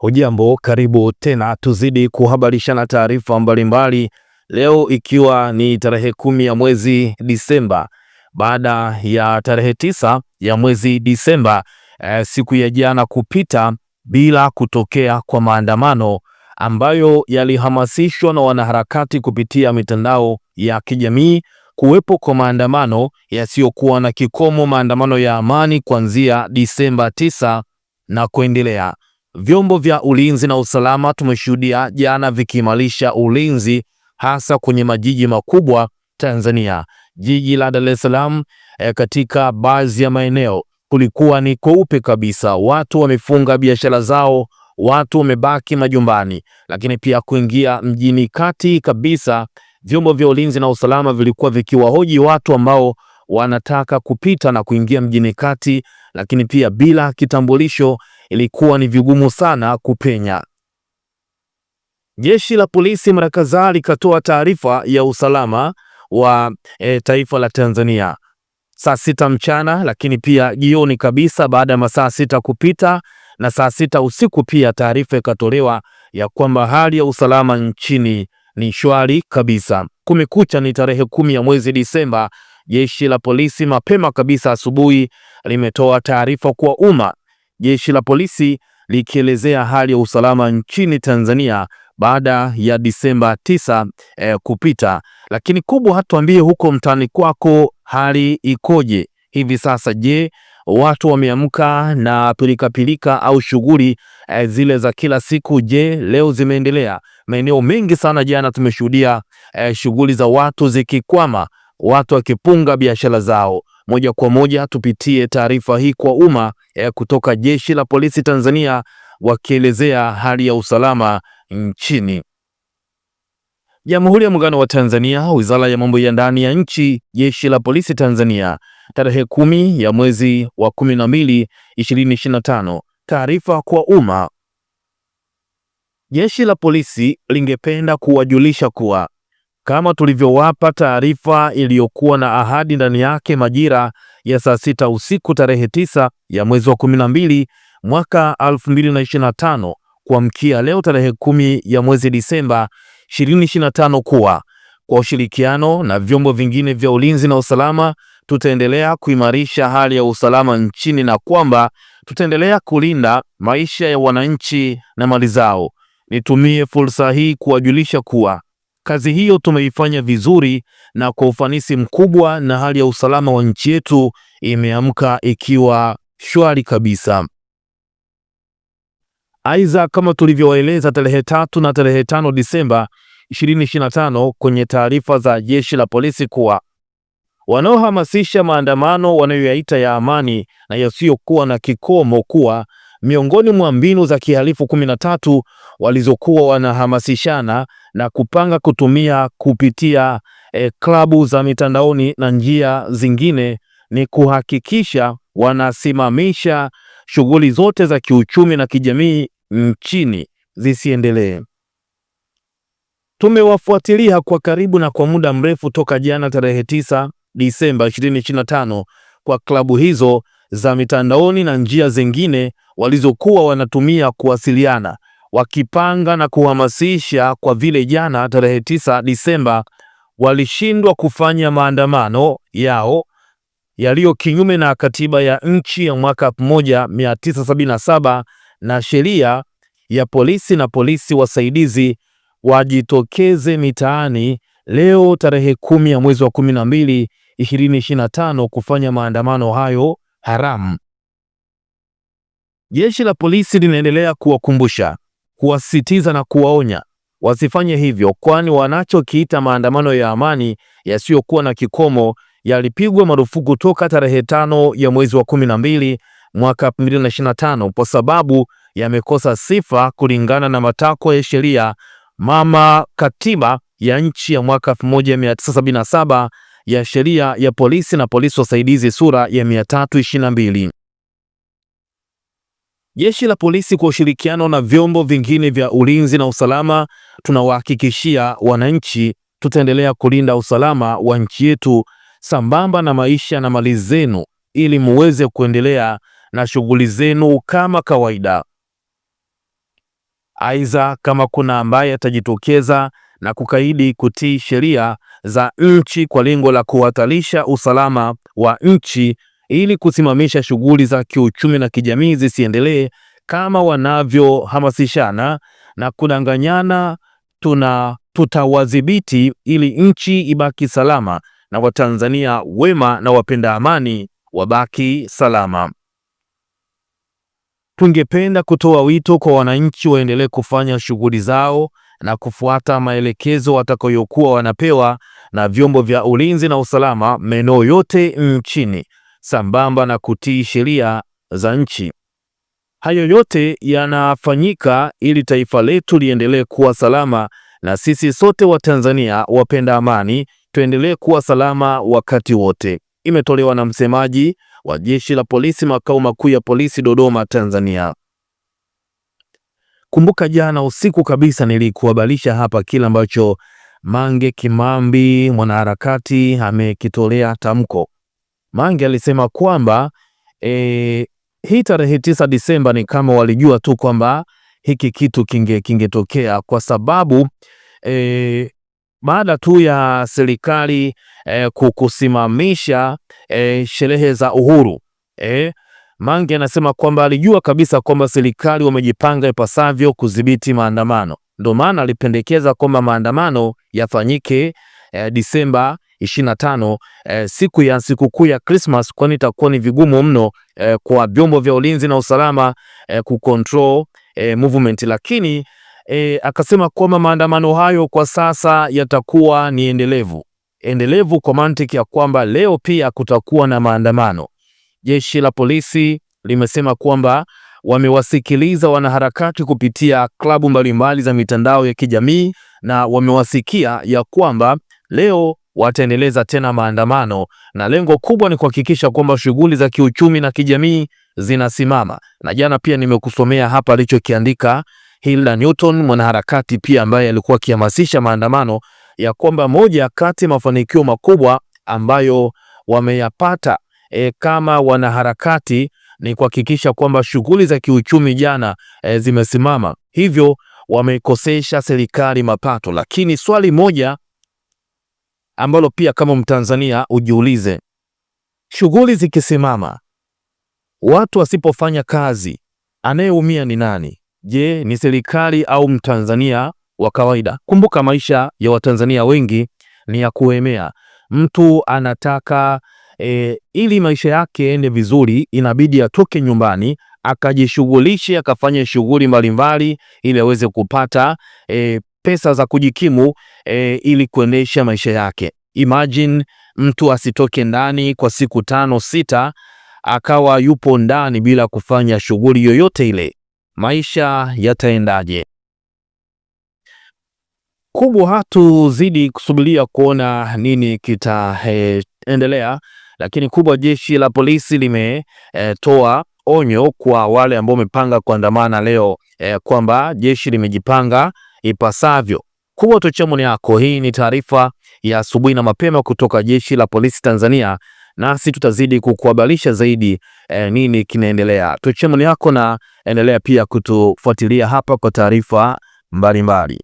Hujambo, karibu tena, tuzidi kuhabarishana taarifa mbalimbali leo, ikiwa ni tarehe kumi ya mwezi Disemba, baada ya tarehe tisa ya mwezi Disemba e, siku ya jana kupita bila kutokea kwa maandamano ambayo yalihamasishwa na wanaharakati kupitia mitandao ya kijamii. Kuwepo kwa maandamano yasiyokuwa na kikomo, maandamano ya amani kuanzia Disemba tisa na kuendelea. Vyombo vya ulinzi na usalama tumeshuhudia jana vikiimarisha ulinzi hasa kwenye majiji makubwa Tanzania. Jiji la Dar es Salaam eh, katika baadhi ya maeneo kulikuwa ni kweupe kabisa, watu wamefunga biashara zao, watu wamebaki majumbani. Lakini pia kuingia mjini kati kabisa, vyombo vya ulinzi na usalama vilikuwa vikiwahoji watu ambao wanataka kupita na kuingia mjini kati, lakini pia bila kitambulisho ilikuwa ni vigumu sana kupenya. Jeshi la polisi mara kadhaa likatoa taarifa ya usalama wa e, taifa la Tanzania saa sita mchana, lakini pia jioni kabisa baada ya masaa sita kupita na saa sita usiku pia taarifa ikatolewa ya kwamba hali ya usalama nchini ni shwari kabisa. Kumekucha ni tarehe kumi ya mwezi Disemba, jeshi la polisi mapema kabisa asubuhi limetoa taarifa kwa umma Jeshi la polisi likielezea hali ya usalama nchini Tanzania baada ya Disemba 9 eh, kupita. Lakini kubwa, hatuambie huko mtaani kwako hali ikoje hivi sasa? Je, watu wameamka na pilika pilika au shughuli eh, zile za kila siku, je, leo zimeendelea? Maeneo mengi sana jana tumeshuhudia eh, shughuli za watu zikikwama, watu wakipunga biashara zao moja kwa moja tupitie taarifa hii kwa umma ya eh, kutoka Jeshi la Polisi Tanzania wakielezea hali ya usalama nchini. Jamhuri ya Muungano wa Tanzania, Wizara ya Mambo ya Ndani ya Nchi, Jeshi la Polisi Tanzania, tarehe kumi ya mwezi wa 12 2025. Taarifa kwa umma. Jeshi la polisi lingependa kuwajulisha kuwa kama tulivyowapa taarifa iliyokuwa na ahadi ndani yake majira ya saa sita usiku tarehe tisa ya mwezi wa 12 mwaka 2025 kuamkia leo tarehe kumi ya mwezi Disemba 2025 kuwa kwa ushirikiano na vyombo vingine vya ulinzi na usalama tutaendelea kuimarisha hali ya usalama nchini na kwamba tutaendelea kulinda maisha ya wananchi na mali zao. Nitumie fursa hii kuwajulisha kuwa Kazi hiyo tumeifanya vizuri na kwa ufanisi mkubwa, na hali ya usalama wa nchi yetu imeamka ikiwa shwari kabisa. Aidha, kama tulivyowaeleza tarehe tatu na tarehe tano Disemba 2025 kwenye taarifa za jeshi la polisi kuwa wanaohamasisha maandamano wanayoyaita ya amani na yasiyokuwa na kikomo kuwa miongoni mwa mbinu za kihalifu 13 walizokuwa wanahamasishana na kupanga kutumia kupitia e, klabu za mitandaoni na njia zingine ni kuhakikisha wanasimamisha shughuli zote za kiuchumi na kijamii nchini zisiendelee. Tumewafuatilia kwa karibu na kwa muda mrefu toka jana tarehe 9 Disemba 2025 kwa klabu hizo za mitandaoni na njia zingine walizokuwa wanatumia kuwasiliana wakipanga na kuhamasisha, kwa vile jana tarehe tisa Disemba walishindwa kufanya maandamano yao yaliyo kinyume na katiba ya nchi ya mwaka 1977 na sheria ya polisi na polisi wasaidizi wajitokeze mitaani leo tarehe kumi ya mwezi wa 12 2025 kufanya maandamano hayo haramu. Jeshi la polisi linaendelea kuwakumbusha kuwasisitiza na kuwaonya wasifanye hivyo, kwani wanachokiita maandamano ya amani yasiyokuwa na kikomo yalipigwa marufuku toka tarehe tano ya mwezi wa kumi na mbili mwaka 2025 kwa sababu yamekosa sifa kulingana na matakwa ya sheria mama katiba ya nchi ya mwaka 1977 ya sheria ya polisi na polisi wasaidizi sura ya 322. Jeshi la polisi kwa ushirikiano na vyombo vingine vya ulinzi na usalama, tunawahakikishia wananchi tutaendelea kulinda usalama wa nchi yetu sambamba na maisha na mali zenu ili muweze kuendelea na shughuli zenu kama kawaida. Aidha, kama kuna ambaye atajitokeza na kukaidi kutii sheria za nchi kwa lengo la kuhatarisha usalama wa nchi ili kusimamisha shughuli za kiuchumi na kijamii zisiendelee kama wanavyohamasishana na kudanganyana. Tuna tutawadhibiti ili nchi ibaki salama na Watanzania wema na wapenda amani wabaki salama. Tungependa kutoa wito kwa wananchi waendelee kufanya shughuli zao na kufuata maelekezo watakayokuwa wanapewa na vyombo vya ulinzi na usalama maeneo yote nchini sambamba na kutii sheria za nchi. Hayo yote yanafanyika ili taifa letu liendelee kuwa salama, na sisi sote Watanzania wapenda amani tuendelee kuwa salama wakati wote. Imetolewa na msemaji wa Jeshi la Polisi, makao makuu ya polisi Dodoma, Tanzania. Kumbuka jana usiku kabisa nilikuhabarisha hapa kile ambacho Mange Kimambi mwanaharakati amekitolea tamko. Mange alisema kwamba e, hii tarehe tisa Disemba ni kama walijua tu kwamba hiki kitu kinge kingetokea kwa sababu e, baada tu ya serikali e, kukusimamisha e, sherehe za uhuru e, Mange anasema kwamba alijua kabisa kwamba serikali wamejipanga ipasavyo kudhibiti maandamano, ndio maana alipendekeza kwamba maandamano yafanyike eh, Disemba 25 eh, siku ya sikukuu ya Christmas, kwani itakuwa ni vigumu mno eh, kwa vyombo vya ulinzi na usalama eh, kucontrol eh, movement, lakini eh, akasema kwamba maandamano hayo kwa sasa yatakuwa ni endelevu endelevu kwa mantiki ya kwamba leo pia kutakuwa na maandamano. Jeshi la polisi limesema kwamba wamewasikiliza wanaharakati kupitia klabu mbalimbali za mitandao ya kijamii na wamewasikia ya kwamba Leo wataendeleza tena maandamano na lengo kubwa ni kuhakikisha kwamba shughuli za kiuchumi na kijamii zinasimama. Na jana pia nimekusomea hapa alichokiandika Hilda Newton, mwanaharakati pia ambaye alikuwa akihamasisha maandamano, ya kwamba moja kati mafanikio makubwa ambayo wameyapata e, kama wanaharakati ni kuhakikisha kwamba shughuli za kiuchumi jana e, zimesimama, hivyo wameikosesha serikali mapato, lakini swali moja ambalo pia kama Mtanzania ujiulize, shughuli zikisimama, watu wasipofanya kazi, anayeumia ni nani? Je, ni serikali au Mtanzania wa kawaida? Kumbuka maisha ya Watanzania wengi ni ya kuemea. Mtu anataka e, ili maisha yake ende vizuri, inabidi atoke nyumbani akajishughulishe akafanye shughuli mbalimbali ili aweze kupata e, pesa za kujikimu e, ili kuendesha maisha yake. Imagine mtu asitoke ndani kwa siku tano sita, akawa yupo ndani bila kufanya shughuli yoyote ile, maisha yataendaje? Kubwa, hatuzidi kusubiria kuona nini kitaendelea e, lakini kubwa, jeshi la polisi limetoa e, onyo kwa wale ambao wamepanga kuandamana leo e, kwamba jeshi limejipanga ipasavyo. Kuwa tu yako. Hii ni taarifa ya asubuhi na mapema kutoka Jeshi la Polisi Tanzania, nasi tutazidi kukuhabarisha zaidi eh, nini kinaendelea. Tuchemoni yako na endelea pia kutufuatilia hapa kwa taarifa mbalimbali.